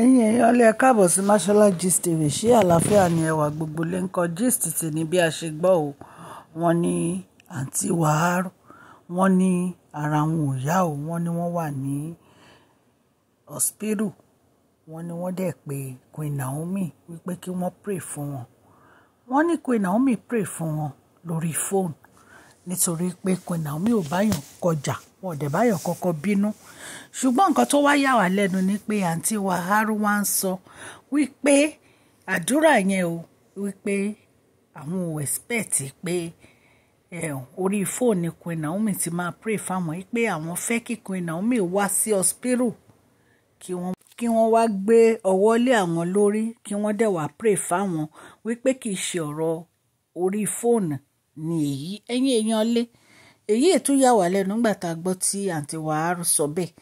ẹ̀yin ẹ̀yin ọlẹ́ káàbọ̀ sí Mashola Gist TV ṣé àlàáfíà ni ẹwà gbogbo lè ń kọ gist sí ni bí a ṣe gbọ́ o wọ́n ní àǹtí wàhálà wọ́n ní ara wọn ò yá o wọ́n ní wọ́n wà ní hospital wọ́n ní wọ́n dẹ̀ pé Queen Naomi wípé kí wọ́n pray fún wọn wọ́n ní Queen Naomi pray fún wọn lórí fóònù nítorí pé Queen Naomi ò báyàn kọjà wọn ò dẹ̀ báyọ̀ kọ́kọ́ bínú ṣùgbọ́n nǹkan tó wá yà wá lẹ́nu ni pé àǹtí wa Arúwá ń sọ wípé àdúrà yẹn o wípé àwọn ò expect pé orí fóònù Queen Naomi ti máa pray fáwọn pé àwọn fẹ́ kí Queen Naomi wá sí ọ̀spírù kí wọ́n kí wọ́n wá gbé ọwọ́ lé àwọn lórí kí wọ́n dẹ̀ wá pray fáwọn wípé kì í ṣe ọ̀rọ̀ orí fóònù ni èyí ẹ̀yin èèyàn lé èyí ètò yà wá lẹ́nu nígbà tá a gbọ́ tí àǹtí wàá sọ bẹ́ẹ̀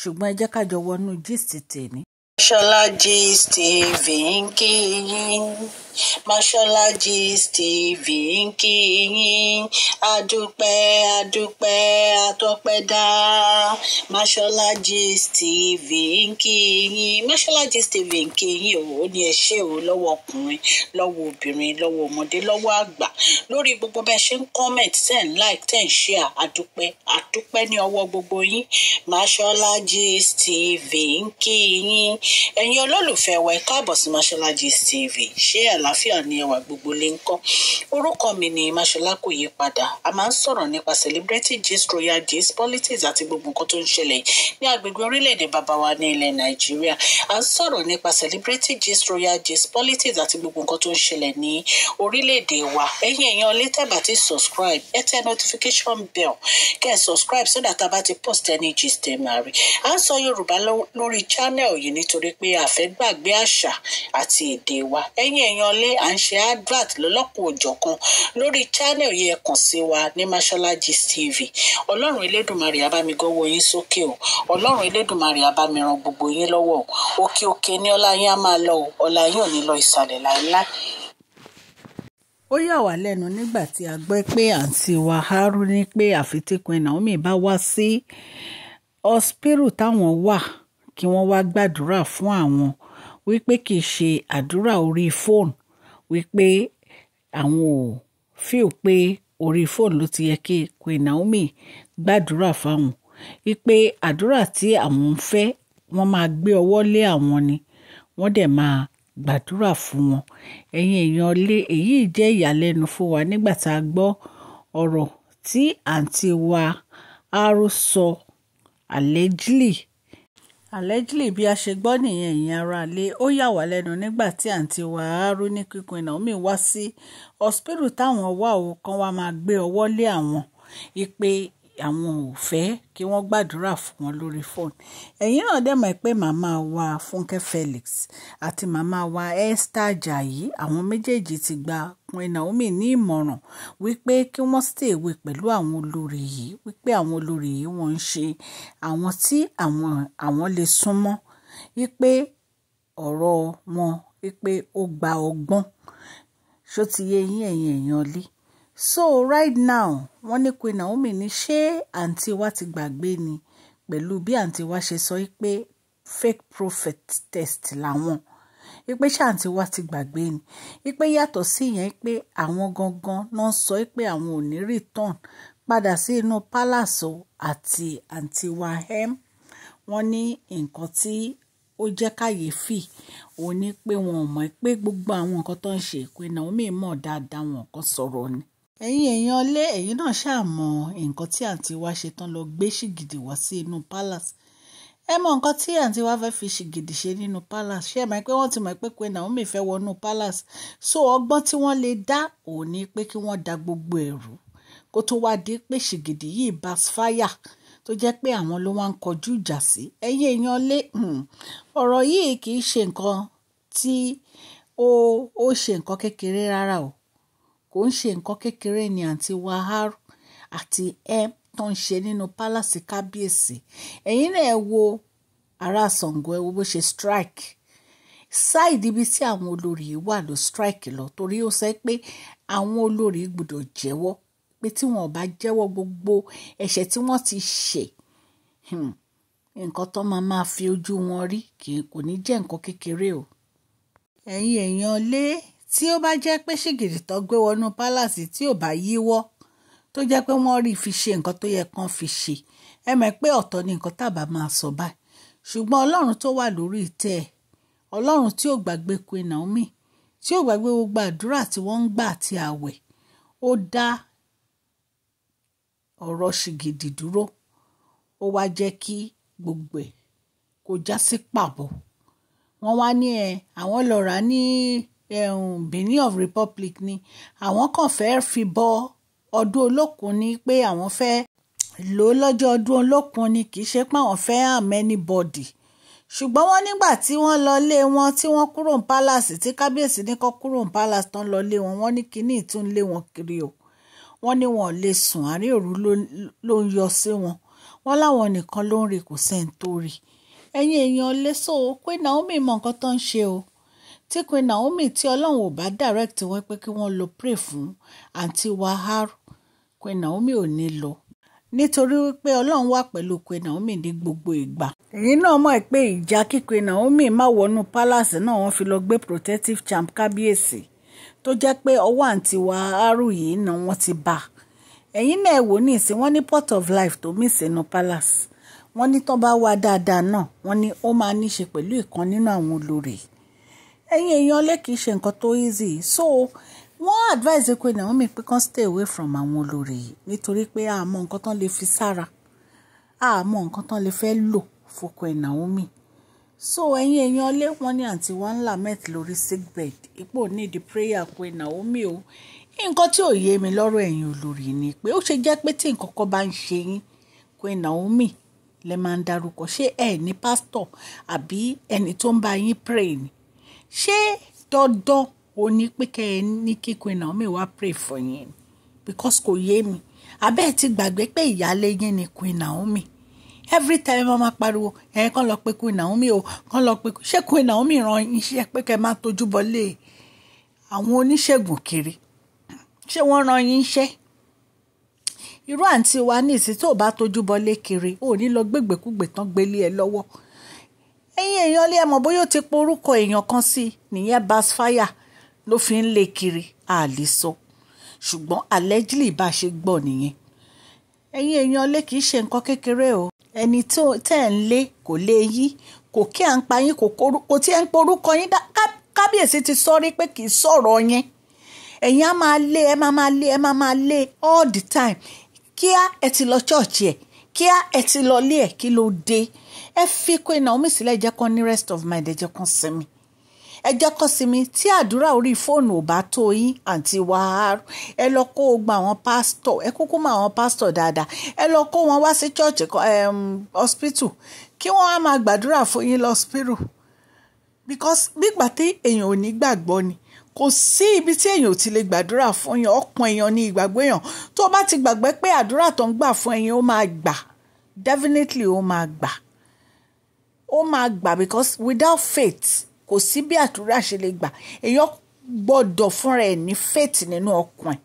ṣùgbọ́n ẹ jẹ́ wọnú gist tèmi. Ṣọlá Gist TV Mashola Gist TV ń kí yín adúpẹ́ adúpẹ́ atọ́pẹ́dá Mashola Gist TV ń kí yín Mashola Gist TV ń kí yín o ní ẹ ṣé o lọ́wọ́ ọkùnrin lọ́wọ́ obìnrin lọ́wọ́ ọmọdé lọ́wọ́ àgbà lórí gbogbo bẹ́ẹ̀ ṣe ń comment ten like ten share adúpẹ́ adúpẹ́ ní ọwọ́ gbogbo yín Mashola Gist TV ń kí yín ẹ̀yin olólùfẹ́ wa ẹ káàbọ̀ sí Mashola TV ṣé àlàáfíà àní ẹwà gbogbo lè ń kọ́ orúkọ mi ni Máṣọlá kò yí padà a máa ń sọ̀rọ̀ nípa celebrity gist royal gist politics àti gbogbo nǹkan tó ń ṣẹlẹ̀ ní agbègbè orílẹ̀-èdè bàbá wa ní ilẹ̀ Nàìjíríà a ń sọ̀rọ̀ nípa celebrity gist royal gist politics àti gbogbo nǹkan tó ń ṣẹlẹ̀ ní orílẹ̀-èdè wa ẹ̀yin èèyàn létẹ̀bà ti subscribe ẹ tẹ notification bell kẹ́ ẹ subscribe so that a bá ti post any gist ẹ̀ máa rí à ń sọ Yorùbá lórí channel yìí nítorí pé a gbàgbé àṣà àti èdè wa ẹ̀yin èèyàn lé à ń ṣe advert lọ́lọ́kùn òjọ̀kan lórí channel yẹ kàn sí wa ní mashola gist tv ọlọ́run elédùnmarè abamigọ́wọ́ yín sókè o ọlọ́run elédùnmarè abamiran gbogbo yín lọ́wọ́ o òkè òkè ni ọlá yín á máa lọ o ọlá yín ò ní lọ ìsàlẹ̀ láéláé. ó yà wá lẹ́nu nígbà tí a gbọ́ pé àǹtí wa haru ní pé àfi tí Queen Naomi bá wá sí ọ̀sìpẹ̀rù táwọn wà kí wọ́n wá gbàdúrà fún àwọn wípé kì í ṣe àdúrà orí fóònù wípé àwọn ò fíò pé orí fóònù ló ti yẹ kí Queen Naomi gbàdúrà fáwọn wípé àdúrà tí àwọn ń fẹ́ wọ́n máa gbé ọwọ́ lé àwọn ni wọ́n dẹ̀ máa gbàdúrà fún wọn ẹ̀yin èèyàn lé èyí jẹ́ ìyàlẹ́nu fún wa nígbà tá a gbọ́ ọ̀rọ̀ tí àǹtí wa aró sọ allegedly allegedly bí a ṣe gbọ́ nìyẹn ìyẹn aráalé ó yà wá lẹ́nu nígbà tí àǹtí wa Arúnì Queen Naomi wá sí hospital táwọn wà ó kán máa gbé ọwọ́ lé àwọn ìpè àwọn ò fẹ́ kí wọ́n gbàdúrà fún wọn lórí fóònù ẹ̀yin náà dẹ̀ mọ̀ pé màmá wa Fúnkẹ́ Felix àti màmá wa Esther Ajayi àwọn méjèèjì ti gba Queen Naomi ní ìmọ̀ràn wípé kí wọ́n stay away pẹ̀lú àwọn olórí yìí wípé àwọn olórí yìí wọ́n ń ṣe àwọn tí àwọn àwọn lè súnmọ́ wípé ọ̀rọ̀ wọn wípé ó gba ọgbọ́n ṣó ti yé yín ẹ̀yin èèyàn lé so right now wọ́n ní Queen Naomi ní ṣé àǹtí wa ti gbàgbé ni pẹ̀lú bí àǹtí wa ṣe sọ pé fake prophet test làwọn ipe ṣáàǹtí wa ti gbàgbé ni ipe yàtọ̀ sí ìyẹn pé àwọn gangan náà sọ pé àwọn ò ní return padà sí inú pálàsọ àti àǹtí wa hem wọ́n ní nǹkan tí ó jẹ́ kàyéfì òun ni pé wọn ò mọ̀ pé gbogbo àwọn nǹkan tó ń ṣe Queen Naomi mọ̀ dáadáa wọn kan sọ̀rọ̀ ni ẹ̀yin èèyàn ilé ẹ̀yin náà ṣàmọ̀ nǹkan tí àǹtí wa ṣe tán lọ gbé ṣìgìdì wá sí inú palace ẹ mọ nǹkan tí àǹtí wa fẹ́ fi ṣìgìdì ṣe nínú palace ṣé ẹ mọ̀ pé wọ́n ti mọ̀ pé Queen Naomi fẹ́ wọnú palace so ọgbọ́n tí wọ́n lè dá òun ni pé kí wọ́n da gbogbo ẹ̀rú kó tó wá dé pé ṣìgìdì yìí bassfire tó jẹ́ pé àwọn ló wá ń kọjú ìjà sí ẹ̀yin èèyàn lé hmm, ọ̀rọ̀ yìí kì í ṣe nǹkan tí ó ṣe nǹkan kékeré rárá o kò ń ṣe nǹkan kékeré ni àǹtí wahar àti m tó ń ṣe nínú pálásì kábíyèsí ẹ̀yin náà ẹ wo ará Ṣàngó ẹ wo bó ṣe strike ṣáìdì ibi tí àwọn olórí wà ló strike lọ torí ó sọ pé àwọn olórí gbọ́dọ̀ jẹ́wọ́ pé tí wọn ò bá jẹ́wọ́ gbogbo ẹ̀ṣẹ̀ tí wọ́n ti ṣe hmm, nǹkan tó máa máa fi ojú wọn rí kò ní jẹ́ nǹkan kékeré o ẹ̀yin èèyàn lé tí ó bá jẹ́ pé ṣìgìrì tó gbé wọnú pálàsì tí ò bá yíwọ́ tó jẹ́ pé wọ́n rí fi ṣe nǹkan tó yẹ kán fi ṣe ẹ mọ̀ pé ọ̀tọ̀ ni nǹkan tàbá máa sọ báyìí ṣùgbọ́n ọlọ́run tó wà lórí ìtẹ́ ẹ̀ ọlọ́run tí ò gbàgbé Queen Naomi tí ò gbàgbé gbogbo àdúrà tí wọ́n ń gbà àti àwẹ̀ ó dá ọ̀rọ̀ ṣìgìdì dúró ó wá jẹ́ kí gbogbo ẹ̀ kó já sí pàbó wọ́n wá ní ẹ àwọn lọ́ọ́ rà ní. Ni um, Benin of Republic ni àwọn kàn fẹ́ fi bọ ọdún olókun ni pé àwọn fẹ́ lò ó lọ́jọ́ ọdún olókun ni kì í ṣe pé àwọn fẹ́ àmì anybody ṣùgbọ́n wọ́n nígbà tí wọ́n lọ lé wọn tí wọ́n kúrò ní palace tí kábíyèsí ní kọ́ kúrò ní palace tán lọ lé wọn wọ́n ní kinní tún lé wọn kiri o wọ́n ní wọn ò lè sùn àárín òru ló ń yọ sí wọn wọ́n láwọn nìkan ló ń rí kò sẹ́ni tó rí ẹ̀yin èèyàn lè sọ pé Naomi mọ nǹkan tó ń ṣe o tí Queen Naomi tí ọlọ́run ò bá direct wọn pé kí wọ́n lọ pray fún àǹtí wahar Queen Naomi ò ní lọ nítorí wípé ọlọ́run wà pẹ̀lú Queen Naomi ní gbogbo ìgbà. èyí náà mọ̀ pé ìjà kí Queen Naomi má wọnú palace náà wọ́n fi lọ gbé protective champ kábíyèsí tó jẹ́ pé ọwọ́ àǹtí wahar yìí náà wọ́n ti bá a ẹ̀yin náà wò ní ìsìn wọ́n ní port of life tó mí sínú palace wọ́n ní tán bá wá dáadáa náà wọ́n ní ó máa ní í ṣe pẹ̀lú ìkan nínú àwọn olórí yìí ẹ̀yin èèyàn lè kìí ṣe nǹkan tó easy so wọ́n advise pé Naomi pé kàn stay away from àwọn olórí yìí nítorí pé àmọ́ nǹkan tán lè fi sára àmọ́ nǹkan tán lè fẹ́ lò foko ẹ̀ Naomi so ẹ̀yin èèyàn lé wọn ní àǹtí wa ńlá met lórí sickbed ipò need prayer pé Naomi o nǹkan tí ò yé mi lọ́rọ̀ ẹ̀yin olórí ni pé ó ṣe jẹ́ pé tí nǹkan kan bá ń ṣe yín pé Naomi lẹ máa ń darúkọ ṣé ẹ ní pásítọ̀ àbí ẹni tó ń bá yín pray ni ṣé dandan ò ní pé kẹ́ ẹ ní kíkún iná mi wá pray for yín because kò yé mi abẹ́ ẹ̀ ti gbàgbé pé ìyáálé yín ni Queen Naomi every time wọ́n máa pariwo ẹ̀yin kàn lọ pé Queen Naomi o kàn lọ pé ṣé Queen Naomi ràn yín ṣe pé kẹ́ ẹ máa tójú bọ́ lé àwọn oníṣègùn kiri ṣé wọ́n ràn yín ṣe irú àǹtí wa ní ìsìn tó o bá tójú bọ́ lé kiri ò ní lọ gbégbèkúgbè tán gbélé ẹ lọ́wọ́ ẹ̀yin èèyàn lé ẹmọ bóyá ó ti porúkọ èèyàn kan sí i nìyẹn basfire ló fi ń lé kiri a lè sọ ṣùgbọ́n allegedly bá a ṣe gbọ́ nìyẹn ẹ̀yin èèyàn lé kìí ṣe nǹkan kékeré o ẹni tó tẹ̀ ń lé kò lè yí kò kí à ń pa yín kò tí ẹ̀ ń porúkọ yín kábíyèsí ti sọ rí pé kì í sọ̀rọ̀ yẹn ẹ̀yin á máa lé ẹ máa máa lé ẹ máa máa lé all the time kíá ẹ ti lọ ṣọ́ọ̀ṣì ẹ̀ kíá ẹ ti lọ lé ẹ̀ kí ló dé ẹ fi Queen Naomi sílẹ̀ ẹ jẹ́ kán ní rest of mind ẹ jẹ́ kán sinmi ẹ jẹ́ kán sinmi tí àdúrà orí fóònù ò bá tó yín àǹtí wàhálà ẹ lọ kó o gba àwọn pásítọ̀ ẹ kúkú mọ àwọn pásítọ̀ dáadáa ẹ lọ kó wọn wá sí church hospital kí wọ́n á máa gbàdúrà fún yín lọ spiru because gbígbà tí èèyàn ò ní gbàgbọ́ ni kò sí ibi tí èèyàn ò ti lè gbàdúrà fún yín ọkàn èèyàn ní ìgbàgbọ́ èèyàn tó o bá ti gbàgbé pé àdúrà tó ń gbà fún ẹ̀yin ó máa gbà definitely ó máa gbà ó máa gbà because without faith kò sí bí àdúrà ṣe lè gbà èèyàn gbọ́dọ̀ fúnra ẹ̀ ní faith nínú ọkàn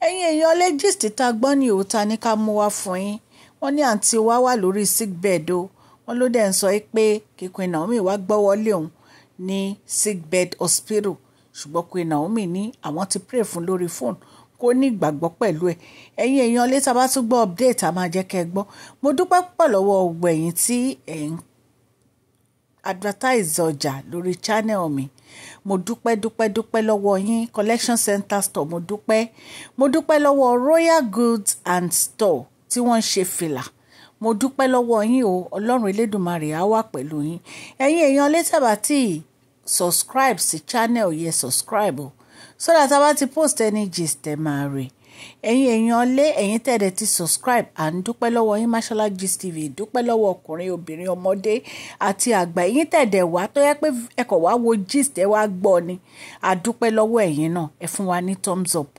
ẹ̀ ẹ̀yin èèyàn legist ta gbọ́ ní òòta ní ká mú wá fún yín wọ́n ní àǹtí wa wà lórí sick bed o wọ́n ló dẹ̀ ń sọ pé kí Queen Naomi wá gbọ́ wọlé òun ní sick bed hospital ṣùgbọ́n Queen Naomi ní àwọn ti pray fún lórí fóònù kó ní ìgbàgbọ́ pẹ̀lú ẹ̀ ẹ̀yin èèyàn létà bá tún gbọ́ update a máa jẹ́ kẹ́ ẹ gbọ́ mo dúpẹ́ púpọ̀ lọ́wọ́ ọgbọ ẹ̀yìn tí ẹ̀ ń advertise ọjà lórí channel mi mo dúpẹ́ dúpẹ́ dúpẹ́ lọ́wọ́ yín collection center store mo dúpẹ́ mo dúpẹ́ lọ́wọ́ royal goods and store tí wọ́n ń ṣe fìlà mo dúpẹ́ lọ́wọ́ yín o ọlọ́run elédùnmarè á wà pẹ̀lú yín ẹ̀yin èèyàn létàbà tí subscribe sí channel yẹn subscribe o so that a bá ti post any gist ẹ máa rí ẹ̀yin èèyàn lé ẹ̀yin tẹ̀dẹ̀ ti subscribe à ń dúpẹ́ lọ́wọ́ yín Mashola Gist TV dúpẹ́ lọ́wọ́ ọkùnrin obìnrin ọmọdé àti àgbà ẹ̀yin tẹ̀dẹ̀ wá tó yẹ pé ẹ̀kọ́ wá wo gist ẹ̀ wá gbọ́ ni à dúpẹ́ lọ́wọ́ ẹ̀yin náà ẹ fún wa ní thumbs up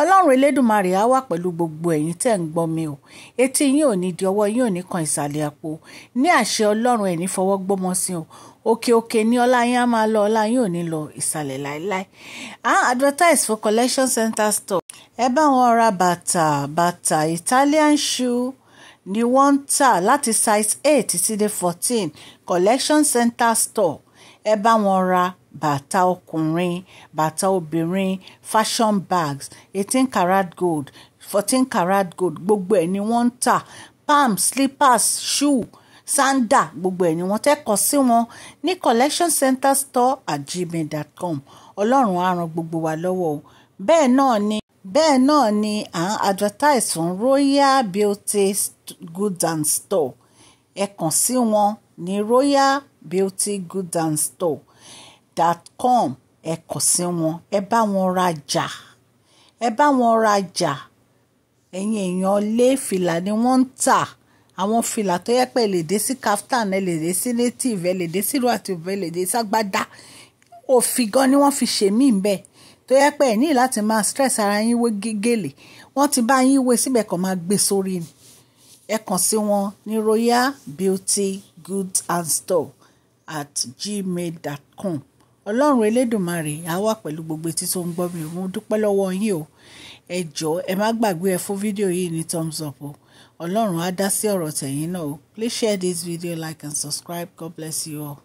ọlọ́run elédùnmarè á wà pẹ̀lú gbogbo ẹ̀yin tẹ̀ ń gbọ́ mi o etí yín ò ní di ọwọ́ yín ò ní kan ìsàlẹ̀ àpò ní àṣẹ ọlọ́run ẹ̀ ní fọwọ́ gbọ́mọ sí o òkè òkè ni ọlá yín á máa lọ ọlá yín ò ní lọ ìsàlẹ̀ láéláé à advertise for collection center store ẹ bá wọn ra bàtà bàtà Italian shoe ni wọ́n tà láti size eight títí dé fourteen collection center store ẹ bá wọn ra bàtà ọkùnrin bàtà obìnrin fashion bags eighteen karat gold fourteen karat gold gbogbo ẹ̀ ni wọ́n tà palm slippers shoe sanda gbogbo ẹ̀ ni wọ́n tẹ́ kọ sí wọn ní collectioncenterstore@gmail.com ọlọ́run á ran gbogbo wa lọ́wọ́ o bẹ́ẹ̀ náà ni bẹ́ẹ̀ náà ni à ń advertise fún royal beauty goods and store ẹ kàn sí wọn ní royal beauty goods and store dot com ẹ kàn sí wọn ẹ bá wọn rajà ẹ bá wọn rajà ẹ̀yin èèyàn lé fìlà ni wọ́n ń tà àwọn fìlà tó yẹ pé lè dé sí kaftan ẹ lè dé sí native ẹ lè dé sí ìlú àti òbẹ lè dé ságbádá òfin gan ni wọ́n fi ṣe mí bẹ́ẹ̀ tó yẹ pé ẹ ní láti máa stress ara yín wé gèlè wọ́n ti bá yín wé síbẹ̀ kàn máa gbé sórí ni ẹ kàn sí wọn ní royal beauty goods and store at gmail.com ọlọ́run elédùnmarè á wà pẹ̀lú gbogbo etí tó ń gbọ́ mi mo dúpẹ́ lọ́wọ́ yín o ẹ jọ̀ọ́ ẹ má gbàgbé ẹ fún fídíò yìí ní thumbs up o ọlọ́run á dá sí ọ̀rọ̀ tẹ̀yin náà please share this video like and subscribe god bless you all.